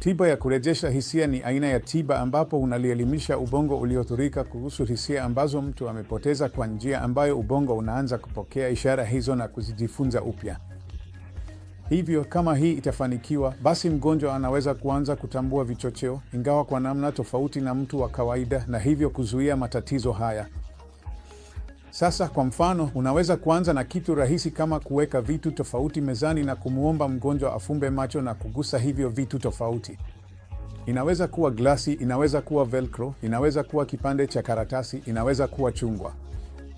Tiba ya kurejesha hisia ni aina ya tiba ambapo unalielimisha ubongo uliothurika kuhusu hisia ambazo mtu amepoteza kwa njia ambayo ubongo unaanza kupokea ishara hizo na kuzijifunza upya. Hivyo kama hii itafanikiwa, basi mgonjwa anaweza kuanza kutambua vichocheo, ingawa kwa namna tofauti na mtu wa kawaida, na hivyo kuzuia matatizo haya. Sasa kwa mfano, unaweza kuanza na kitu rahisi kama kuweka vitu tofauti mezani na kumwomba mgonjwa afumbe macho na kugusa hivyo vitu tofauti. Inaweza kuwa glasi, inaweza kuwa velcro, inaweza kuwa kipande cha karatasi, inaweza kuwa chungwa.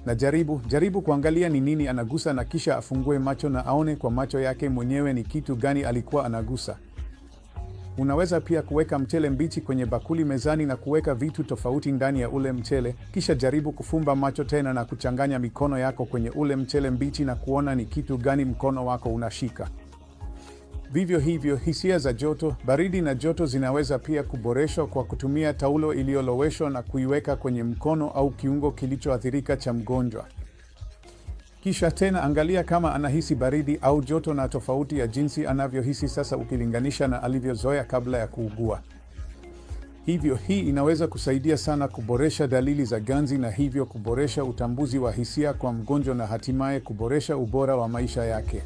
Na jaribu jaribu kuangalia ni nini anagusa, na kisha afungue macho na aone kwa macho yake mwenyewe ni kitu gani alikuwa anagusa. Unaweza pia kuweka mchele mbichi kwenye bakuli mezani na kuweka vitu tofauti ndani ya ule mchele, kisha jaribu kufumba macho tena na kuchanganya mikono yako kwenye ule mchele mbichi na kuona ni kitu gani mkono wako unashika. Vivyo hivyo, hisia za joto, baridi na joto zinaweza pia kuboreshwa kwa kutumia taulo iliyoloweshwa na kuiweka kwenye mkono au kiungo kilichoathirika cha mgonjwa. Kisha tena angalia kama anahisi baridi au joto, na tofauti ya jinsi anavyohisi sasa ukilinganisha na alivyozoea kabla ya kuugua. Hivyo hii inaweza kusaidia sana kuboresha dalili za ganzi na hivyo kuboresha utambuzi wa hisia kwa mgonjwa na hatimaye kuboresha ubora wa maisha yake.